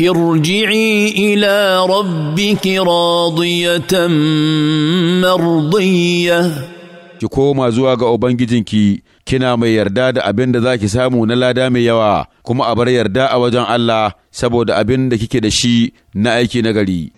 ارجعي الى ربك راضيه مرضيه ki koma zuwa ga ubangijinki kina mai yarda da abin da zaki samu na lada mai yawa kuma a bar yarda a wajen Allah saboda abin da kike da shi na aiki na gari.